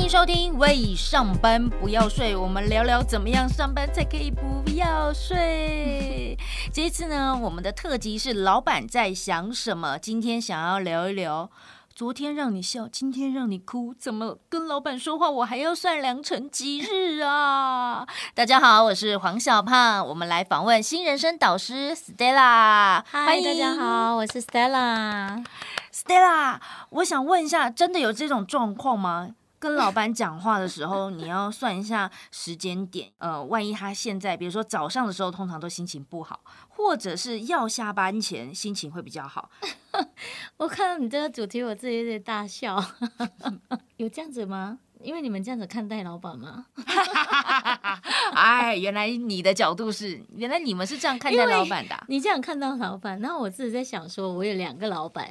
歡迎收聽《位！上班不要睡》，我們聊聊怎麼樣上班才可以不要睡。 這一次呢，我們的特輯是老板在想什麼。今天想要聊一聊，昨天讓你笑，今天讓你哭，怎麼跟老板說話，我還要算良辰吉日啊！ 大家好，我是黃小胖，我們來訪問星人生導師 Stella。嗨歡迎，大家好，我是 Stella。Stella，我想問一下，真的有這種狀況嗎？跟老闆講話的時候，你要算一下時間點。呃，萬一他現在，比如說早上的時候，通常都心情不好，或者是要下班前，心情會比較好。 我看到你這個主題，我自己有點大笑。 有這樣子嗎？因為你們這樣子看待老闆嗎、啊？ 哎，原來你的角度是，原來你們是這樣看待老闆的、啊。你這樣看到老闆，那我自己在想說，我有兩個老闆。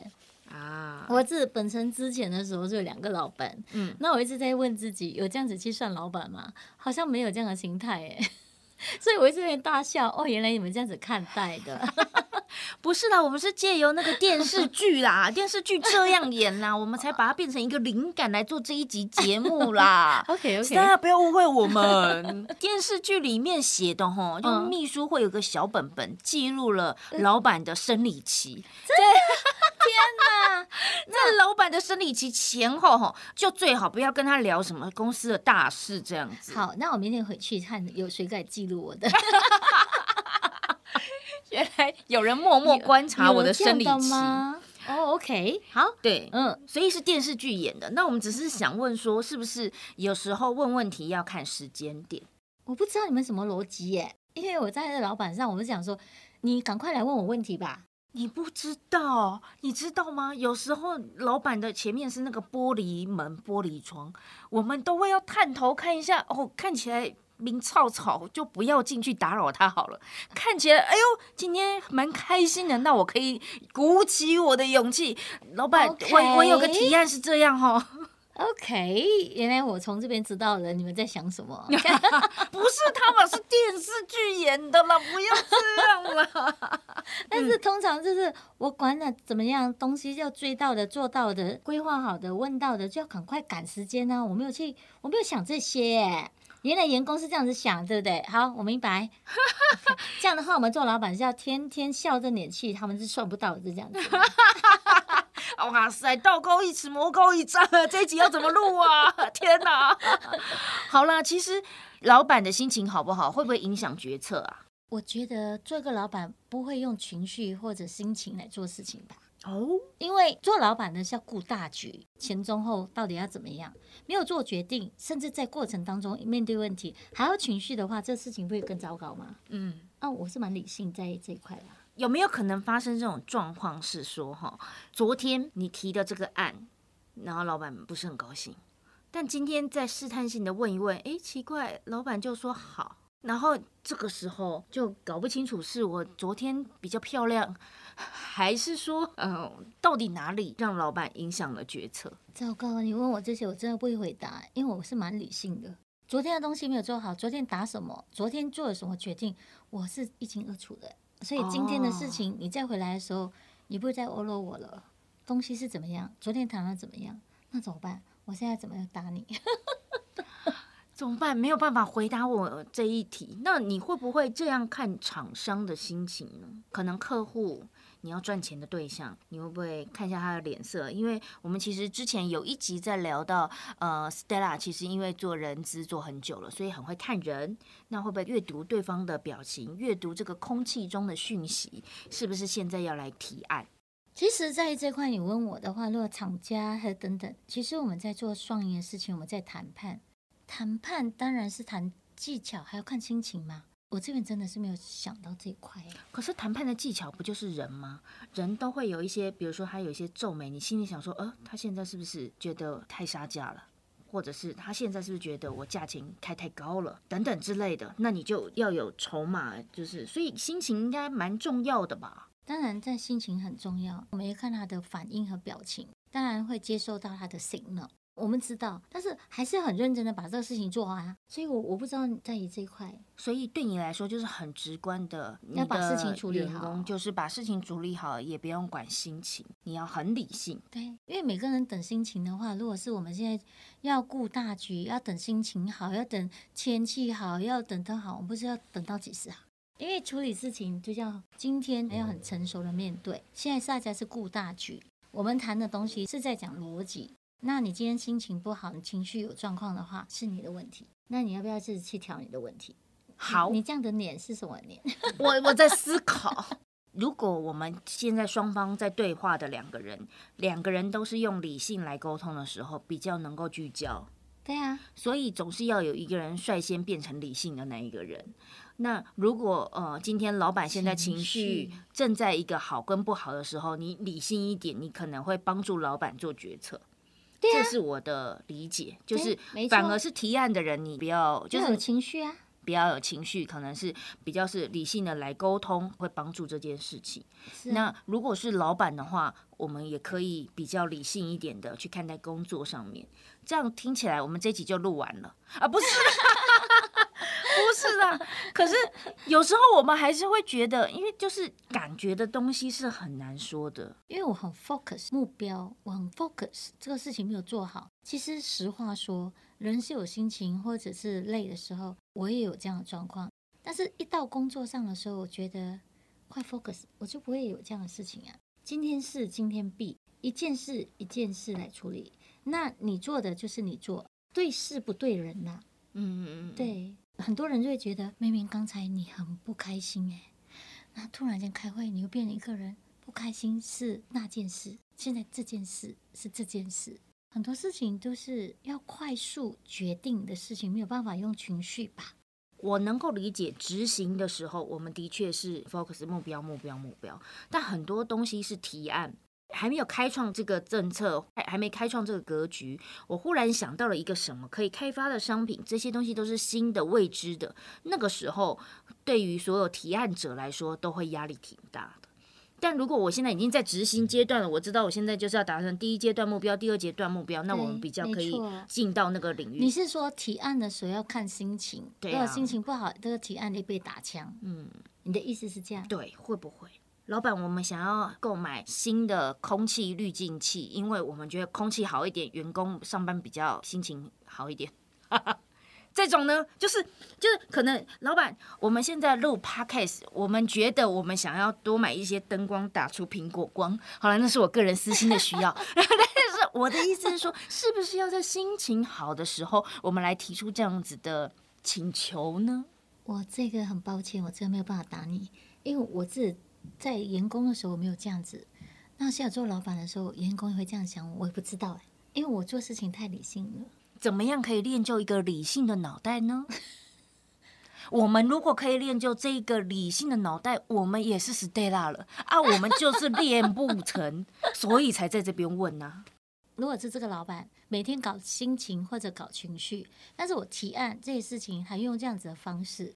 啊！我自本身之前的時候就有兩個老闆，嗯，那我一直在問自己，有這樣子去算老闆嗎？好像沒有這樣的心態，哎， 所以我一直在大笑，哦，原來你們這樣子看待的。 不是啦，我們是借由那個電視劇啦， 電視劇這樣演啦，我們才把它變成一個靈感來做這一集節目啦。 OK OK，大家不要誤會我們。電視劇裡面寫的吼、嗯、就秘書會有個小本本記錄了老板的生理期。對、嗯， 天哪！ 那老板的生理期前後吼，就最好不要跟他聊什麼公司的大事這樣子。好，那我明天回去看有誰敢記錄我的。 原來有人默默觀察我的生理期，哦、oh，OK，好，對，嗯，所以是電視劇演的。那我們只是想問說，是不是有時候問問題要看時間點？我不知道你們什麼邏輯耶，因為我在那老闆上，我們想說，你趕快來問我問題吧。你不知道，你知道嗎？有時候老闆的前面是那個玻璃門、玻璃窗，我們都會要探頭看一下哦，看起來。明吵吵就不要進去打擾他好了。看起來，哎呦，今天蠻開心的。那我可以鼓起我的勇氣，老板，Okay. 我我有個提案是這樣哦。OK，原來我從這邊知道了你們在想什麼？ 不是他們 是電視劇演的嘛，不要這樣嘛。 但是通常就是我管的怎麼樣，東西要追到的、做到的、規劃好的、問到的，就要趕快趕時間啊。我沒有去，我沒有想這些欸。原來員工是這樣子想，對不對？好，我明白。Okay. 這樣的話，我們做老闆是要天天笑着臉氣，他們是受不了，是這樣 哇塞，道高一尺，魔高一丈，這一集要怎麼錄啊？天哪！ 好啦，其實老闆的心情好不好，會不會影響決策啊？我覺得做一個老闆不會用情緒或者心情來做事情吧。哦，oh? 因為做老闆呢是要顧大局，前中後到底要怎麼樣？沒有做決定，甚至在過程當中面對問題還有情緒的話，這事情會更糟糕嗎？嗯，啊，我是蠻理性在這一塊的。有沒有可能發生這種狀況？是說哈、哦，昨天你提的這個案，然後老闆不是很高興，但今天再試探性的問一問，哎、欸，奇怪，老闆就說好，然後這個時候就搞不清楚是我昨天比較漂亮。還是說，嗯，到底哪裡讓老闆影響了決策？糟糕，你問我這些，我真的不會回答，因為我是蠻理性的。昨天的東西沒有做好，昨天打什麼，昨天做了什麼決定，我是一清二楚的。所以今天的事情，哦、你再回來的時候，你不會再囉囉我了。東西是怎麼樣？昨天談了怎麼樣？那怎麼辦？我現在怎麼樣打你？ 怎麼辦？沒有辦法回答我這一題。那你會不會這樣看廠商的心情呢？可能客戶。你要賺錢的對象，你會不會看一下他的臉色？因為我們其實之前有一集在聊到，呃，Stella 其實因為做人資做很久了，所以很會看人。那會不會閱讀對方的表情，閱讀這個空氣中的訊息，是不是現在要來提案？其實，在這塊你問我的話，如果廠家和等等，其實我們在做雙贏的事情，我們在談判。談判當然是談技巧，還要看心情嘛。我這邊真的是沒有想到這一塊、欸。可是談判的技巧不就是人嗎？人都會有一些，比如說他有一些皺眉，你心裡想說，呃,他現在是不是覺得太殺價了？或者是他現在是不是覺得我價錢開太高了？等等之類的，那你就要有籌碼，就是所以心情應該蠻重要的吧？當然，在心情很重要，我們一看他的反應和表情，當然會接受到他的信號。我們知道，但是還是很認真的把這個事情做完，啊。所以我，我我不知道你在意這一塊，所以對你來說就是很直觀的，你的要把事情處理好。就是把事情處理好，也不用管心情，你要很理性。對，因為每個人等心情的話，如果是我們現在要顧大局，要等心情好，要等天氣好，要等到好，我們不知道等到幾時好。因為處理事情就叫今天，要很成熟的面對。嗯、現在大家是顧大局，我們談的東西是在講邏輯。那你今天心情不好，你情緒有狀況的話，是你的問題。那你要不要自己去調你的問題？好。你，你這樣的臉是什麼臉？我我在思考。 如果我們現在雙方在對話的兩個人，兩個人都是用理性來溝通的時候，比較能夠聚焦。對啊，所以總是要有一個人率先變成理性的那一個人。那如果呃，今天老闆現在情緒正在一個好跟不好的時候，你理性一點，你可能會幫助老闆做決策。這是我的理解，啊、就是反而是提案的人，欸、你不要就是就有情緒啊，比較有情緒，可能是比較是理性的來溝通，會幫助這件事情。是那如果是老闆的話，我們也可以比較理性一點的去看待工作上面。這樣聽起來，我們這集就錄完了啊？不是。 不是的啦， 可是有時候我們還是會覺得，因為就是感覺的東西是很難說的。因為我很 focus 目標，我很 focus 這個事情沒有做好。其實實話說，人是有心情或者是累的時候，我也有這樣的狀況。但是一到工作上的時候，我覺得快 focus，我就不會有這樣的事情啊。今天事今天畢，一件事一件事來處理。那你做的就是你做，對事不對人吶、啊。嗯嗯嗯，對。很多人就會覺得，明明剛才你很不開心哎、欸，那突然間開會，你又變了一個人。不開心是那件事，現在這件事是這件事。很多事情都是要快速決定的事情，沒有辦法用情緒吧？我能夠理解，執行的時候我們的確是 focus 目標，目標，目標，但很多東西是提案。還沒有開創這個政策，還還沒開創這個格局，我忽然想到了一個什麼可以開發的商品。這些東西都是新的、未知的。那個時候，對於所有提案者來說，都會壓力挺大的。但如果我現在已經在執行階段了，我知道我現在就是要達成第一階段目標，第二階段目標，那我們比較可以進到那個領域。你是說提案的時候要看心情？對啊，心情不好，這個提案會被打槍。嗯，你的意思是這樣？對，會不會？老闆，我們想要購買新的空氣濾淨器，因為我們覺得空氣好一點，員工上班比較心情好一點。哈哈這種呢，就是就是可能老闆，我們現在錄 Podcast 我們覺得我們想要多買一些燈光，打出蘋果光。好了，那是我個人私心的需要，但 是我的意思是說，是不是要在心情好的時候，我們來提出這樣子的請求呢？我這個很抱歉，我真的沒有辦法打你，因為我自己。在員工的時候我沒有這樣子，那現在做老闆的時候，員工也會這樣想我，我也不知道哎、欸，因為我做事情太理性了。怎麼樣可以練就一個理性的腦袋呢？ 我們如果可以練就這一個理性的腦袋，我們也是 Stella 了啊！我們就是練不成， 所以才在這邊問吶、啊。如果是這個老闆每天搞心情或者搞情緒，但是我提案這些事情還用這樣子的方式，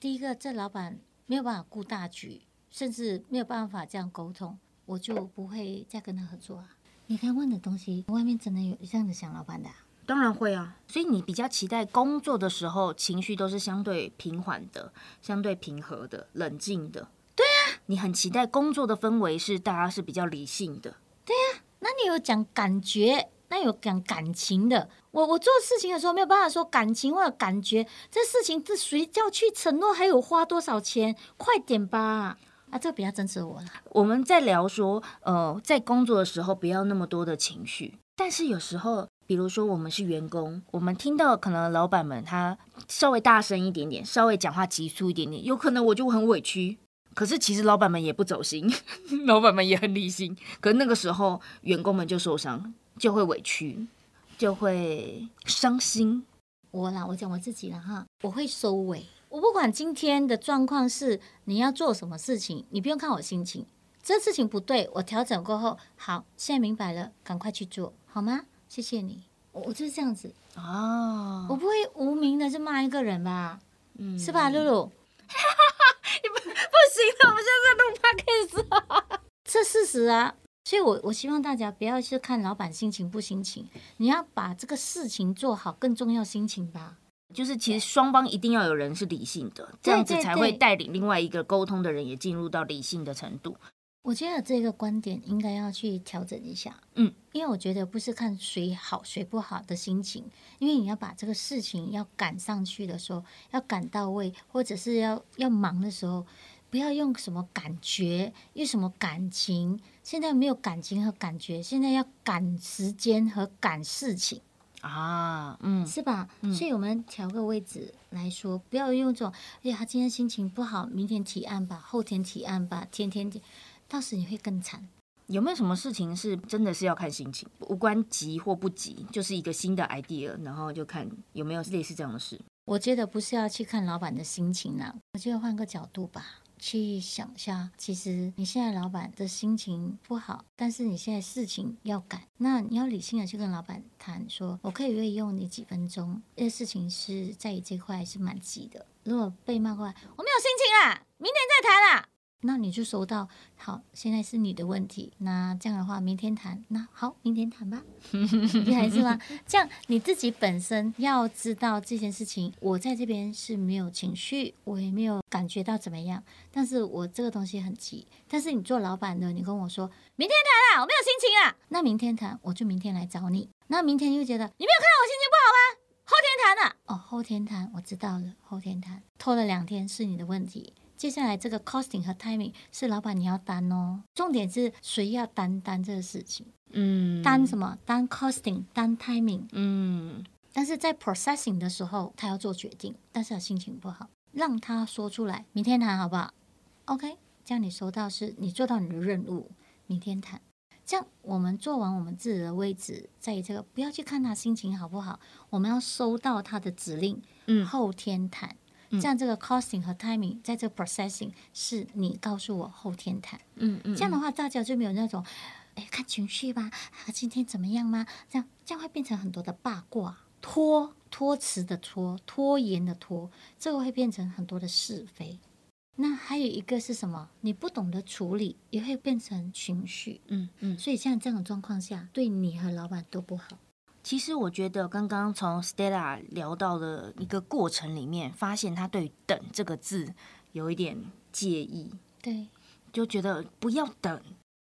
第一個這老闆沒有辦法顧大局。甚至沒有辦法這樣溝通，我就不會再跟他合作啊！你剛問的東西，外面真的有這樣子想老板的啊？當然會啊！所以你比較期待工作的時候，情緒都是相對平緩的、相對平和的、冷靜的。對啊，你很期待工作的氛圍是大家是比較理性的。對啊，那你有講感覺，那有講感情的。我我做事情的時候沒有辦法說感情或者感覺，這事情這誰叫去承諾還有花多少錢？快點吧！啊，這比較真實我了。我們在聊說，呃，在工作的時候不要那麼多的情緒。但是有時候，比如說我們是員工，我們聽到可能老闆們他稍微大聲一點點，稍微講話急促一點點，有可能我就很委屈。可是其實老闆們也不走心， 老闆們也很理性， 可是那個時候員工們就受傷，就會委屈，就會傷心。我啦，我講我自己了哈，我會收尾。我不管今天的狀況是你要做什麼事情，你不用看我心情。這事情不對，我調整過後好，現在明白了，趕快去做，好嗎？謝謝你，哦、我就是這樣子啊。哦、我不會無名的就罵一個人吧，嗯，是吧，露露？你不不行了，我現在在弄 Podcast。這事實啊。所以我，我我希望大家不要去看老闆心情不心情，你要把這個事情做好更重要，心情吧。就是其實雙方一定要有人是理性的，這樣子才會帶領另外一個溝通的人也進入到理性的程度。我覺得這個觀點應該要去調整一下，嗯，因為我覺得不是看誰好誰不好的心情，因為你要把這個事情要趕上去的時候，要趕到位，或者是要要忙的時候，不要用什麼感覺，用什麼感情。現在沒有感情和感覺，現在要趕時間和趕事情。啊，嗯，是吧？所以我們調個位置來說，嗯，不要用這種。哎呀，今天心情不好，明天提案吧，後天提案吧，天天到時你會更慘。有沒有什麼事情是真的是要看心情，無關急或不急，就是一個新的 idea，然後就看有沒有類似這樣的事。我覺得不是要去看老闆的心情啦，我覺得換個角度吧。去想一下，其實你現在老板的心情不好，但是你現在事情要趕，那你要理性的去跟老板談，說我可以願意用你幾分鐘，因為事情是在於這塊是蠻急的。如果被罵的話，我沒有心情啦，明天再談啦。那你就收到，好，現在是你的問題。那這樣的話，明天談。那好，明天談吧， 你還是嗎？這樣你自己本身要知道這件事情。我在這邊是沒有情緒，我也沒有感覺到怎麼樣，但是我這個東西很急。但是你做老闆的，你跟我說明天談啦，我沒有心情啦。那明天談，我就明天來找你。那明天又覺得你沒有看到我心情不好嗎？後天談啦。哦，後天談，我知道了。後天談，拖了兩天是你的問題。接下來這個 costing 和 timing 是老闆你要擔哦，重點是誰要擔當這個事情？嗯，擔什麼？擔 costing，擔 timing。嗯，但是在 processing 的時候，他要做決定，但是他心情不好，讓他說出來，明天談好不好？OK，這樣你收到是，是你做到你的任務，明天談。這樣我們做完我們自己的位置，在於這個，不要去看他心情好不好，我們要收到他的指令，嗯，後天談。像這，這個 costing 和 timing，在這個 processing 是你告訴我後天談。嗯。嗯嗯，這樣的話大家就沒有那種，哎，看情緒吧，啊，今天怎麼樣嗎？這樣這樣會變成很多的八卦，拖拖詞的拖，拖延的拖，這個會變成很多的是非。那還有一個是什麼？你不懂得處理，也會變成情緒。嗯嗯，嗯，所以像這種狀況下，對你和老闆都不好。其實我覺得，剛剛從 Stella 聊到的一個過程裡面，發現他對“等”這個字有一點介意，對，就覺得不要等，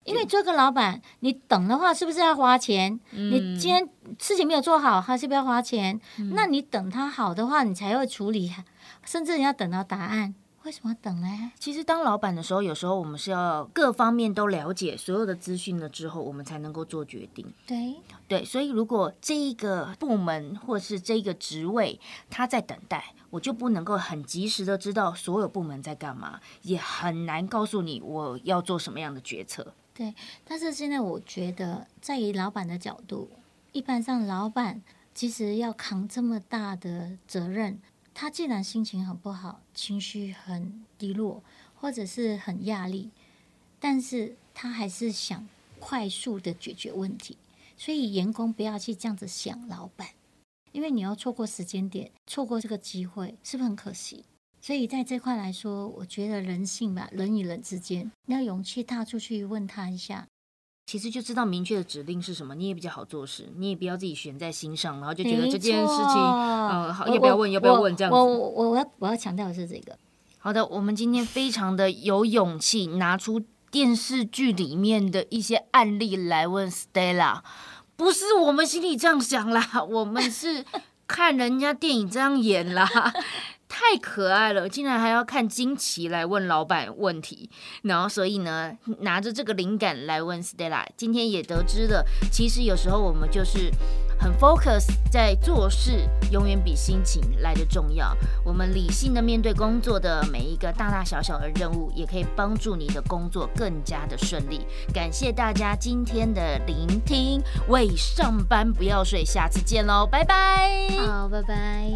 因為做個老闆，你等的話是不是要花錢？嗯、你今天事情沒有做好，還是不要花錢？嗯、那你等他好的話，你才會處理，甚至你要等到答案。為什麼等呢？其實當老闆的時候，有時候我們是要各方面都了解所有的資訊了之後，我們才能夠做決定。對對，所以如果這一個部門或是這一個職位他在等待，我就不能夠很及時的知道所有部門在幹嘛，也很難告訴你我要做什麼樣的決策。對，但是現在我覺得，在於老闆的角度，一般上老闆其實要扛這麼大的責任。他既然心情很不好，情緒很低落，或者是很壓力，但是他還是想快速的解決問題，所以員工不要去這樣子想老板，因為你要錯過時間點，錯過這個機會，是不是很可惜？所以在這塊來說，我覺得人性吧，人與人之間，你要勇氣踏出去問他一下。其實就知道明確的指令是什麼，你也比較好做事，你也不要自己懸在心上，然後就覺得這件事情，錯呃、好，要不要問要我不要問這樣子。我我，我，我要我要強調的是這個。好的，我們今天非常的有勇氣，拿出電視劇裡面的一些案例來問 Stella，不是我們心裡這樣想啦，我們是看人家電影這樣演啦。 太可愛了，竟然還要看驚奇來問老闆問題，然後所以呢，拿着這個靈感來問 Stella。今天也得知了，其實有時候我們就是很 focus 在做事，永遠比心情來的重要。我們理性的面對工作的每一個大大小小的任務，也可以幫助你的工作更加的順利。感謝大家今天的聆聽，位！上班不要睡，下次見嘍，拜拜。好，拜拜。